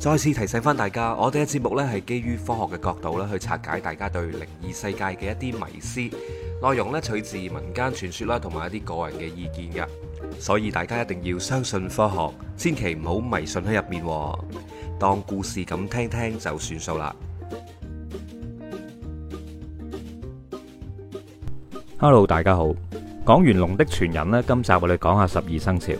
再次提醒翻大家，我哋嘅節目咧係基於科學嘅角度啦，去拆解大家對靈異世界嘅一啲迷思。內容咧取自民間傳說啦，同埋一啲個人嘅意見嘅，所以大家一定要相信科學，千祈唔好迷信喺入面，當故事咁聽聽就算數啦。Hello，大家好，講完龍的傳人咧，今集我哋講下十二生肖。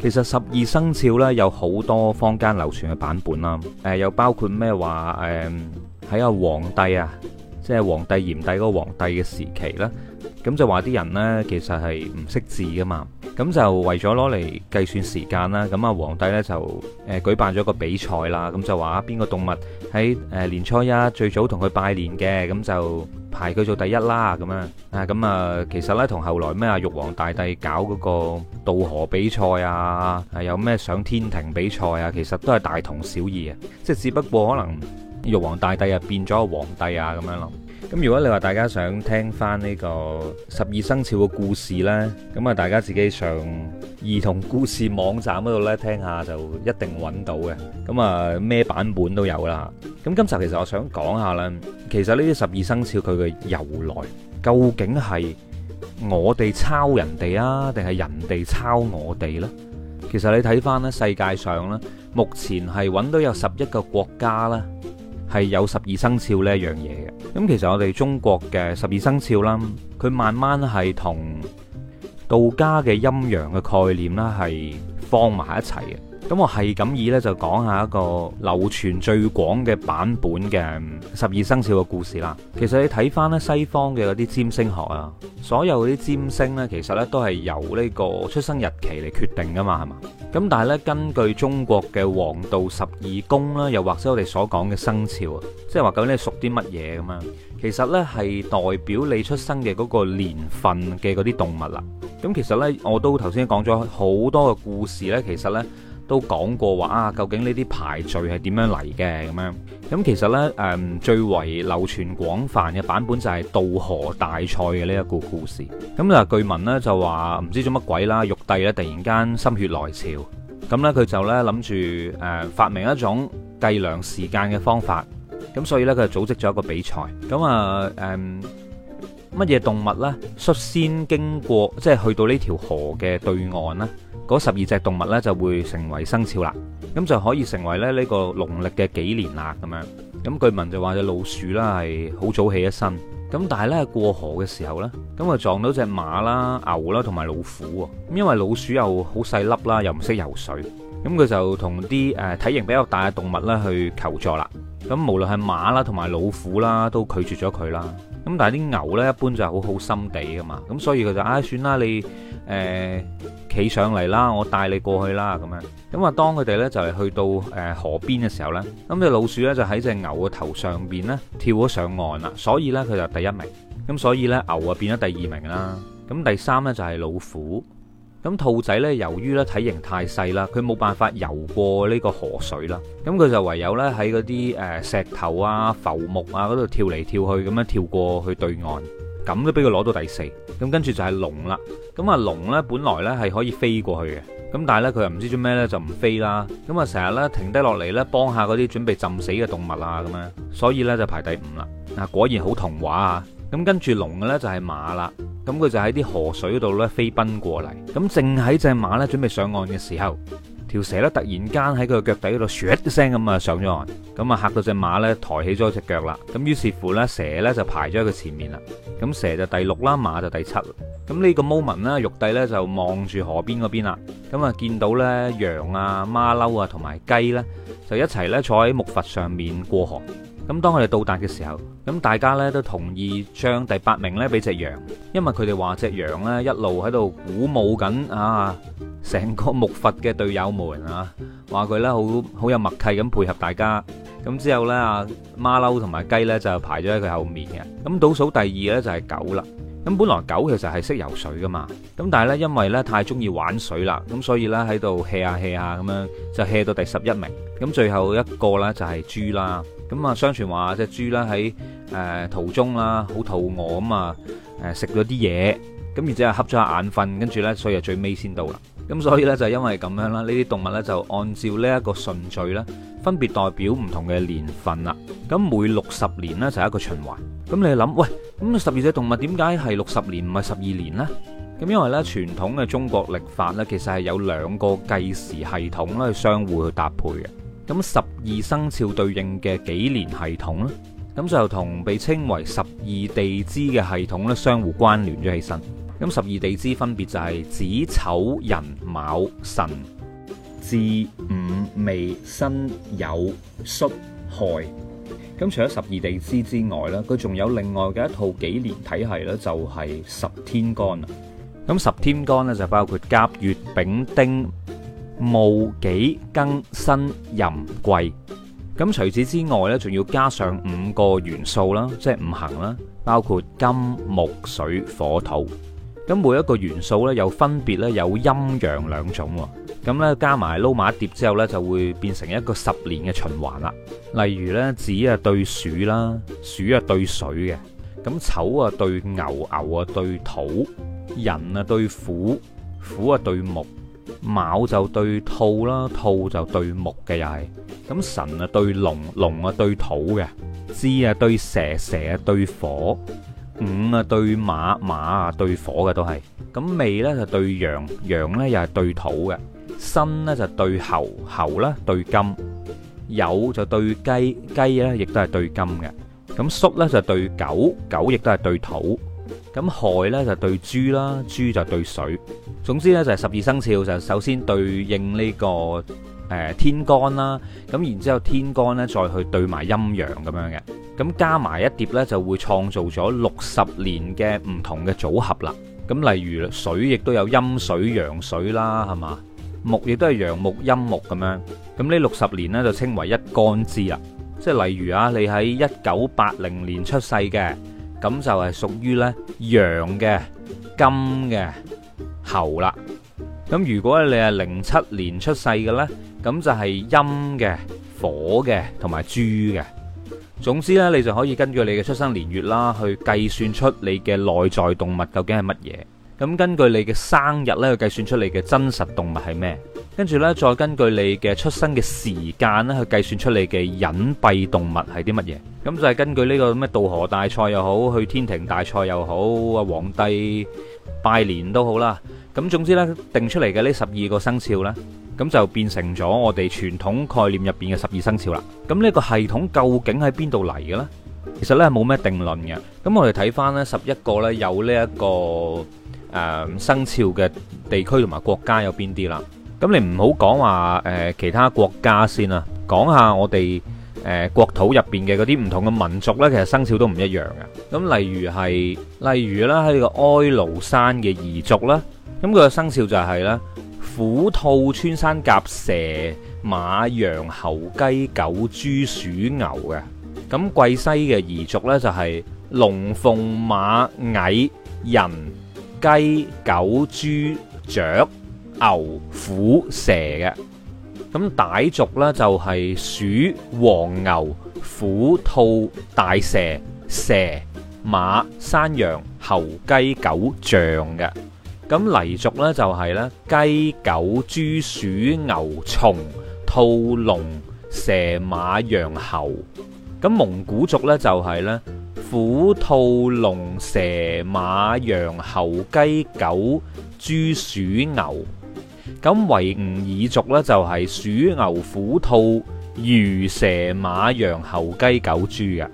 其實十二生肖咧有好多坊間流傳嘅版本啦，誒、呃、又包括咩話誒喺啊黃帝啊，即係黃帝炎帝嗰個黃帝嘅時期咧。咁就話啲人呢，其實係唔識字噶嘛，咁就為咗攞嚟計算時間啦。咁啊，皇帝呢，就誒舉辦咗個比賽啦，咁就話啊邊個動物喺誒年初一最早同佢拜年嘅，咁就排佢做第一啦。咁啊，咁啊，其實呢，同後來咩啊玉皇大帝搞嗰個渡河比賽啊，有咩上天庭比賽啊，其實都係大同小異啊，即係只不過可能玉皇大帝啊變咗個皇帝啊，咁樣咯。咁如果你話大家想聽翻呢個十二生肖嘅故事咧，咁啊大家自己上兒童故事網站嗰度咧聽下就一定搵到嘅。咁啊咩版本都有啦。咁今集其實我想講下咧，其實呢啲十二生肖佢嘅由來究竟係我哋抄人哋啊，定係人哋抄我哋咧？其實你睇翻咧，世界上咧目前係搵到有十一個國家咧係有十二生肖呢一樣嘢嘅。咁其實我哋中國嘅十二生肖啦，佢慢慢係同道家嘅陰陽嘅概念啦，係放埋一齊嘅。咁我係咁以咧就講下一個流傳最廣嘅版本嘅十二生肖嘅故事啦。其實你睇翻咧西方嘅嗰啲占星學啊，所有嗰啲占星呢，其實呢都係由呢個出生日期嚟決定噶嘛，係嘛？咁但係呢，根據中國嘅黃道十二宮啦，又或者我哋所講嘅生肖啊，即係話究竟你屬啲乜嘢咁啊？其實呢係代表你出生嘅嗰個年份嘅嗰啲動物啦。咁其實呢，我都頭先講咗好多嘅故事呢，其實呢。都講過話啊，究竟呢啲排序係點樣嚟嘅咁樣？咁、嗯、其實呢，誒、嗯、最為流傳廣泛嘅版本就係、係、渡河大賽嘅呢一個故事。咁、嗯、啊，據聞呢，就話唔知做乜鬼啦，玉帝咧突然間心血來潮，咁、嗯、呢，佢就呢諗住誒發明一種計量時間嘅方法，咁、嗯、所以呢，佢就組織咗一個比賽。咁、嗯、啊，誒乜嘢動物呢？率先經過，即係去到呢條河嘅對岸呢。嗰十二隻動物咧就會成為生肖啦，咁就可以成為咧呢個農曆嘅幾年啦咁樣。咁據聞就話隻老鼠啦係好早起一身，咁但係呢，過河嘅時候呢，咁啊撞到隻馬啦、牛啦同埋老虎喎。因為老鼠又好細粒啦，又唔識游水，咁佢就同啲誒體型比較大嘅動物咧去求助啦。咁無論係馬啦同埋老虎啦，都拒絕咗佢啦。咁但係啲牛呢，一般就係好好心地噶嘛，咁所以佢就唉、哎、算啦，你誒企、呃、上嚟啦，我帶你過去啦咁樣。咁啊，當佢哋呢，就係去到誒河邊嘅時候呢，咁隻老鼠呢，就喺隻牛嘅頭上邊呢，跳咗上岸啦，所以呢，佢就第一名，咁所以呢，牛啊變咗第二名啦，咁第三呢，就係、是、老虎。咁兔仔咧，由於咧體型太細啦，佢冇辦法游過呢個河水啦，咁佢就唯有咧喺嗰啲誒石頭啊、浮木啊嗰度跳嚟跳去，咁樣跳過去對岸，咁都俾佢攞到第四。咁跟住就係龍啦。咁啊龍咧，本來咧係可以飛過去嘅，咁但係咧佢又唔知做咩咧就唔飛啦。咁啊成日咧停低落嚟咧幫下嗰啲準備浸死嘅動物啊咁樣，所以咧就排第五啦。嗱，果然好童話啊。咁跟住龍嘅咧就係馬啦。咁佢就喺啲河水度呢飛奔過嚟，咁正喺隻馬呢準備上岸嘅時候，條蛇呢突然間喺佢腳底嗰度唰一聲咁啊上咗岸，咁啊吓到隻馬呢抬起咗隻腳啦，咁於是乎呢蛇呢就排咗喺佢前面啦，咁蛇就第六啦，馬就第七啦，咁呢個 moment 呢，玉帝呢就望住河邊嗰邊啦，咁啊見到呢羊啊馬騮啊同埋雞呢，就一齊呢坐喺木筏上面過河。咁當我哋到達嘅時候，咁大家呢都同意將第八名呢俾隻羊，因為佢哋話隻羊呢一路喺度鼓舞緊啊，成個木筏嘅隊友們啊，話佢呢好好有默契咁配合大家。咁之後呢，啊馬騮同埋雞呢就排咗喺佢後面嘅。咁倒數第二呢就係狗啦。咁本來狗其實係識游水噶嘛，咁但係呢，因為呢太中意玩水啦，咁所以呢喺度 hea 下 hea 下咁樣就 hea 到第十一名。咁最後一個呢就係豬啦。咁啊，相傳話隻豬啦喺誒途中啦，好肚餓咁啊，誒食咗啲嘢，咁然之後瞌咗下眼瞓，跟住咧，所以啊最尾先到啦。咁所以咧就因為咁樣啦，呢啲動物咧就按照呢一個順序咧，分別代表唔同嘅年份啦。咁每六十年咧就係一個循環。咁你諗，喂，咁十二隻動物點解係六十年唔係十二年咧？咁因為咧傳統嘅中國歷法咧，其實係有兩個計時系統咧去相互去搭配嘅。咁十二生肖對應嘅紀年系統呢，咁就同被稱為十二地支嘅系統咧相互關聯咗起身。咁十二地支分別就係子、丑、寅、卯、辰、巳、午、未、申、酉、戌、亥。咁除咗十二地支之外呢，佢仲有另外嘅一套紀年體系呢就係十天干。咁十天干呢，就包括甲、乙、丙、丁。戊己庚辛壬癸，咁除此之外呢，仲要加上五個元素啦，即係五行啦，包括金木水火土。咁每一個元素呢，又分別呢，有陰陽兩種。咁呢，加埋撈埋一碟之後呢，就會變成一個十年嘅循環啦。例如呢，子啊對鼠啦，鼠啊對水嘅，咁丑啊對牛，牛啊對土，人啊對虎，虎啊對木。卯就對兔啦，兔就對木嘅又係，咁辰啊對龍，龍啊對土嘅，巳啊對蛇，蛇啊對火，午啊對馬，馬啊對火嘅都係，咁未咧就對羊，羊咧又係對土嘅，申咧就對猴，猴咧對金，酉就對雞，雞咧亦都係對金嘅，咁戌咧就對狗，狗亦都係對土。咁亥咧就對豬啦，豬就對水。總之咧就係十二生肖就首先對應呢個誒天干啦，咁然之後天干咧再去對埋陰陽咁樣嘅。咁加埋一疊咧就會創造咗六十年嘅唔同嘅組合啦。咁例如水亦都有陰水陽水啦，係嘛？木亦都係陽木陰木咁樣。咁呢六十年咧就稱為一干支啦。即係例如啊，你喺一九八零年出世嘅。咁就係屬於呢陽嘅金嘅猴啦。咁如果你係零七年出世嘅呢，咁就係陰嘅火嘅同埋豬嘅。總之呢，你就可以根據你嘅出生年月啦，去計算出你嘅內在動物究竟係乜嘢。咁根據你嘅生日呢，去計算出你嘅真實動物係咩？跟住呢，再根據你嘅出生嘅時間咧，去計算出你嘅隱蔽動物係啲乜嘢？咁就係根據呢個咩渡河大賽又好，去天庭大賽又好，啊皇帝拜年都好啦。咁總之呢，定出嚟嘅呢十二個生肖呢，咁就變成咗我哋傳統概念入邊嘅十二生肖啦。咁呢個系統究竟喺邊度嚟嘅呢？其實呢，冇咩定論嘅。咁我哋睇翻呢十一個呢、這個，有呢一個誒生肖嘅地區同埋國家有邊啲啦？咁你唔好講話誒其他國家先啊，講下我哋誒國土入邊嘅嗰啲唔同嘅民族咧，其實生肖都唔一樣嘅。咁例如係例如啦，喺個哀牢山嘅彝族啦，咁佢嘅生肖就係咧虎、兔、穿山甲、蛇、馬、羊、猴、雞、狗、豬、鼠、牛嘅。咁貴西嘅彝族咧就係龍、鳳、馬、蟻、人、雞、狗、豬、雀。牛、虎、蛇嘅，咁傣族呢就係鼠、黃牛、虎、兔、大蛇、蛇、馬、山羊、猴、雞、狗、象嘅，咁黎族呢就係呢雞、狗、豬、鼠、牛、蟲、兔、龍、蛇、馬、羊、猴。咁蒙古族呢就係呢虎、兔、龍、蛇、馬、羊、猴、雞、狗、豬、鼠、牛。咁維吾爾族呢，就係鼠牛虎兔魚蛇馬羊猴雞狗豬嘅，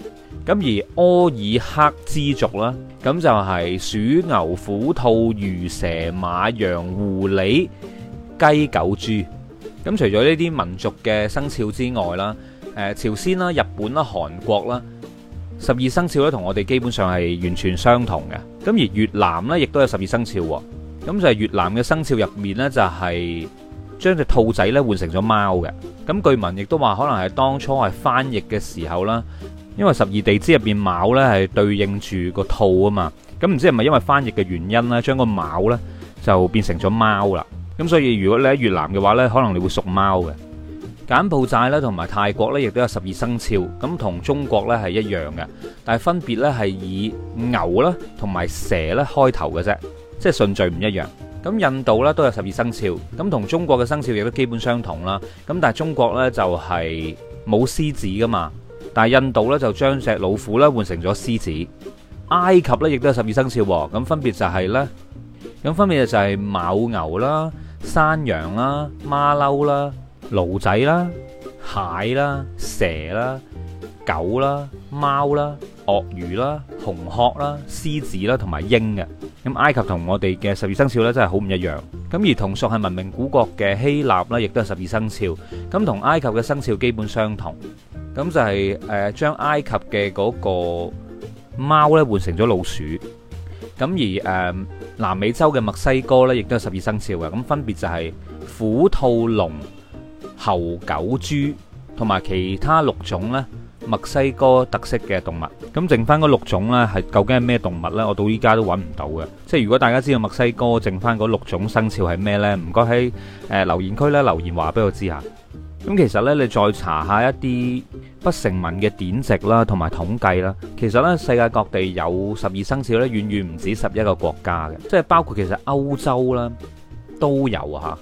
咁而柯爾克孜族呢，咁就係鼠牛虎兔魚蛇馬羊狐狸雞狗豬。咁除咗呢啲民族嘅生肖之外啦，誒朝鮮啦、日本啦、韓國啦，十二生肖咧同我哋基本上係完全相同嘅。咁而越南呢，亦都有十二生肖。咁就係越南嘅生肖入面咧，就係將隻兔仔咧換成咗貓嘅。咁據聞亦都話，可能係當初係翻譯嘅時候啦，因為十二地支入邊卯咧係對應住個兔啊嘛。咁唔知係咪因為翻譯嘅原因咧，將個卯咧就變成咗貓啦。咁所以如果你喺越南嘅話咧，可能你會屬貓嘅。柬埔寨咧同埋泰國咧，亦都有十二生肖，咁同中國咧係一樣嘅，但係分別咧係以牛啦同埋蛇咧開頭嘅啫。即係順序唔一樣。咁印度咧都有十二生肖，咁同中國嘅生肖亦都基本相同啦。咁但係中國咧就係冇獅子噶嘛，但係印度咧就將隻老虎咧換成咗獅子。埃及咧亦都有十二生肖喎，咁分別就係咧，咁分別就係卯牛啦、山羊啦、馬騮啦、驢仔啦、蟹啦、蛇啦、狗啦、貓啦、鱷魚啦、紅鶴啦、獅子啦，同埋鷹嘅。咁埃及同我哋嘅十二生肖呢，真係好唔一樣。咁而同屬係文明古國嘅希臘呢，亦都係十二生肖。咁同埃及嘅生肖基本相同。咁就係誒將埃及嘅嗰個貓呢，換成咗老鼠。咁而誒南美洲嘅墨西哥呢，亦都係十二生肖嘅。咁分別就係虎、兔、龍、猴狗豬、狗、豬，同埋其他六種呢，墨西哥特色嘅動物，咁剩翻嗰六種呢，係究竟係咩動物呢？我到依家都揾唔到嘅。即係如果大家知道墨西哥剩翻嗰六種生肖係咩呢？唔該喺誒留言區咧留言話俾我知下。咁其實呢，你再查下一啲不成文嘅典籍啦，同埋統計啦，其實呢，世界各地有十二生肖呢，遠遠唔止十一個國家嘅，即係包括其實歐洲啦都有啊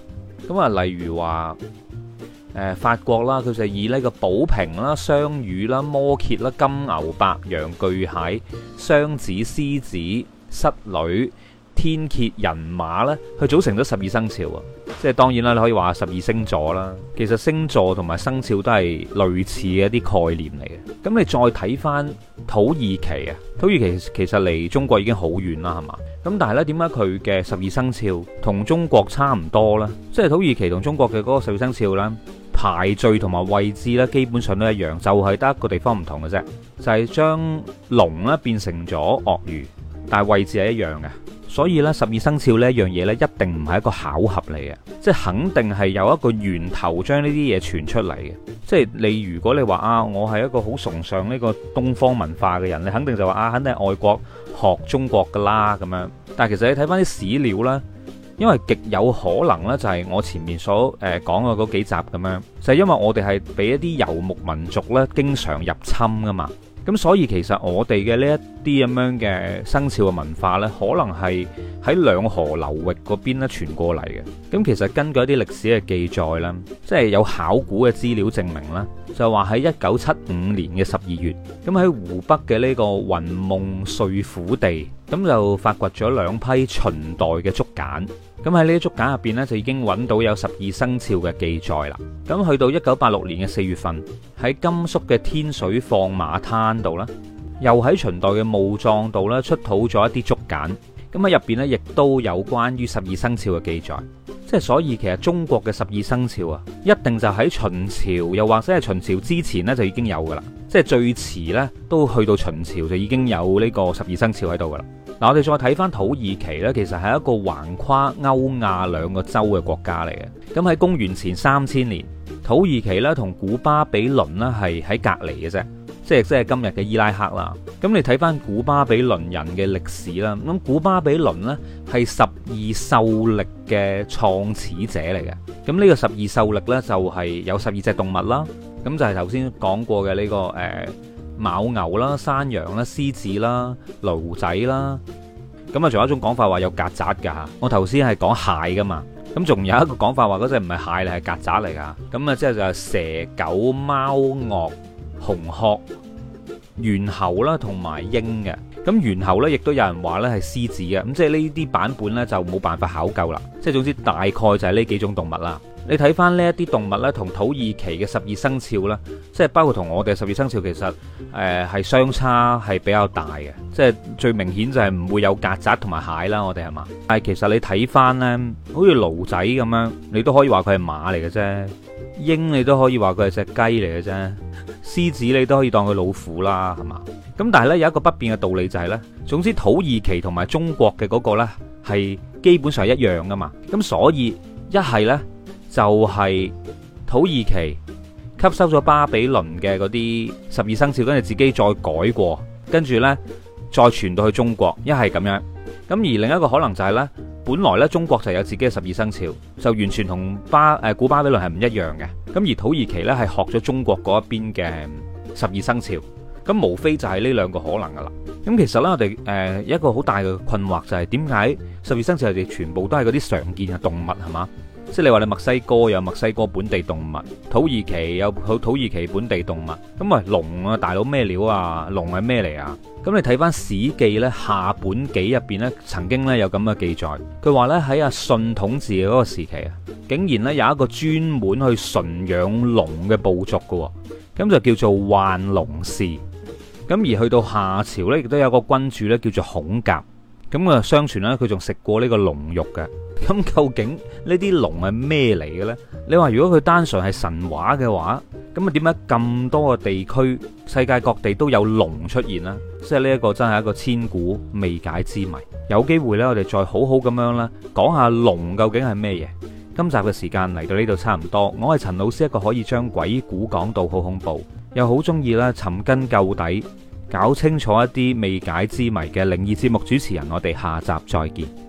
嚇，咁啊，例如話。誒法國啦，佢就以呢個寶瓶啦、雙魚啦、摩羯啦、金牛、白羊、巨蟹、雙子、獅子、室女、天蠍、人馬咧，佢組成咗十二生肖啊！即係當然啦，你可以話十二星座啦。其實星座同埋生肖都係類似嘅一啲概念嚟嘅。咁你再睇翻土耳其啊，土耳其其實離中國已經好遠啦，係嘛？咁但係咧，點解佢嘅十二生肖同中國差唔多啦？即係土耳其同中國嘅嗰個十二生肖啦。排序同埋位置咧，基本上都一樣，就係得一個地方唔同嘅啫，就係將龍咧變成咗鱷魚，但係位置係一樣嘅。所以咧，十二生肖呢樣嘢咧，一定唔係一個巧合嚟嘅，即係肯定係有一個源頭將呢啲嘢傳出嚟嘅。即係你如果你話啊，我係一個好崇尚呢個東方文化嘅人，你肯定就話啊，肯定係外國學中國噶啦咁樣。但係其實你睇翻啲史料啦。因為極有可能呢，就係我前面所誒講嘅嗰幾集咁樣，就係因為我哋係俾一啲游牧民族咧經常入侵噶嘛，咁所以其實我哋嘅呢一啲咁樣嘅生肖嘅文化，呢可能係喺兩河流域嗰邊咧傳過嚟嘅。咁其實根據一啲歷史嘅記載咧，即係有考古嘅資料證明啦。就話喺一九七五年嘅十二月，咁喺湖北嘅呢個雲夢睡虎地，咁就發掘咗兩批秦代嘅竹簡，咁喺呢啲竹簡入邊呢，就已經揾到有十二生肖嘅記載啦。咁去到一九八六年嘅四月份，喺甘肅嘅天水放馬灘度啦，又喺秦代嘅墓葬度呢，出土咗一啲竹簡。咁啊，入邊咧亦都有關於十二生肖嘅記載，即係所以其實中國嘅十二生肖啊，一定就喺秦朝，又或者係秦朝之前咧就已經有噶啦，即係最遲咧都去到秦朝就已經有呢個十二生肖喺度噶啦。嗱，我哋再睇翻土耳其呢，其實係一個橫跨歐亞兩個洲嘅國家嚟嘅。咁喺公元前三千年，土耳其咧同古巴比倫呢係喺隔籬嘅啫。即係今日嘅伊拉克啦，咁你睇翻古巴比倫人嘅歷史啦，咁古巴比倫呢，係十二獸曆嘅創始者嚟嘅，咁呢個十二獸曆呢，就係、是、有十二隻動物啦，咁就係頭先講過嘅呢、這個誒、呃、卯牛啦、山羊啦、獅子啦、驢仔啦，咁啊仲有一種講法話有曱甴㗎，我頭先係講蟹㗎嘛，咁仲有一個講法話嗰隻唔係蟹嚟，係曱甴嚟㗎，咁啊即係就係蛇、狗、貓、鱷。紅鶴、猿猴啦，同埋鷹嘅，咁猿猴呢，亦都有人話呢係獅子嘅，咁即係呢啲版本呢，就冇辦法考究啦，即係總之大概就係呢幾種動物啦。你睇翻呢一啲動物呢同土耳其嘅十二生肖咧，即係包括同我哋十二生肖其實誒係、呃、相差係比較大嘅，即係最明顯就係唔會有曱甴同埋蟹啦。我哋係嘛？但係其實你睇翻呢，好似驢仔咁樣，你都可以話佢係馬嚟嘅啫；鷹你都可以話佢係隻雞嚟嘅啫；獅子你都可以當佢老虎啦，係嘛？咁但係呢，有一個不變嘅道理就係、是、呢。總之土耳其同埋中國嘅嗰個咧係基本上一樣噶嘛。咁所以一係呢。就係土耳其吸收咗巴比倫嘅嗰啲十二生肖，跟住自己再改過，跟住呢再傳到去中國，一係咁樣。咁而另一個可能就係、是、呢。本來呢中國就有自己嘅十二生肖，就完全同巴誒、呃、古巴比倫係唔一樣嘅。咁而土耳其呢係學咗中國嗰一邊嘅十二生肖。咁無非就係呢兩個可能噶啦。咁其實呢，我哋誒、呃、一個好大嘅困惑就係點解十二生肖我哋全部都係嗰啲常見嘅動物係嘛？即係你話你墨西哥有墨西哥本地動物，土耳其有土土耳其本地動物，咁喂龍啊大佬咩料啊？龍係咩嚟啊？咁你睇翻《史記》呢，夏本紀入邊呢曾經呢有咁嘅記載，佢話呢，喺阿舜統治嗰個時期啊，竟然呢有一個專門去馴養龍嘅部族嘅，咁就叫做幻龍氏。咁而去到夏朝呢，亦都有個君主呢叫做孔甲。咁啊，相傳咧，佢仲食過呢個龍肉嘅。咁究竟呢啲龍係咩嚟嘅咧？你話如果佢單純係神話嘅話，咁啊點解咁多個地區、世界各地都有龍出現啦？即係呢一個真係一個千古未解之謎。有機會咧，我哋再好好咁樣咧講下龍究竟係咩嘢。今集嘅時間嚟到呢度差唔多，我係陳老師，一個可以將鬼故講到好恐怖，又好中意咧尋根究底。搞清楚一啲未解之謎嘅靈異節目主持人，我哋下集再見。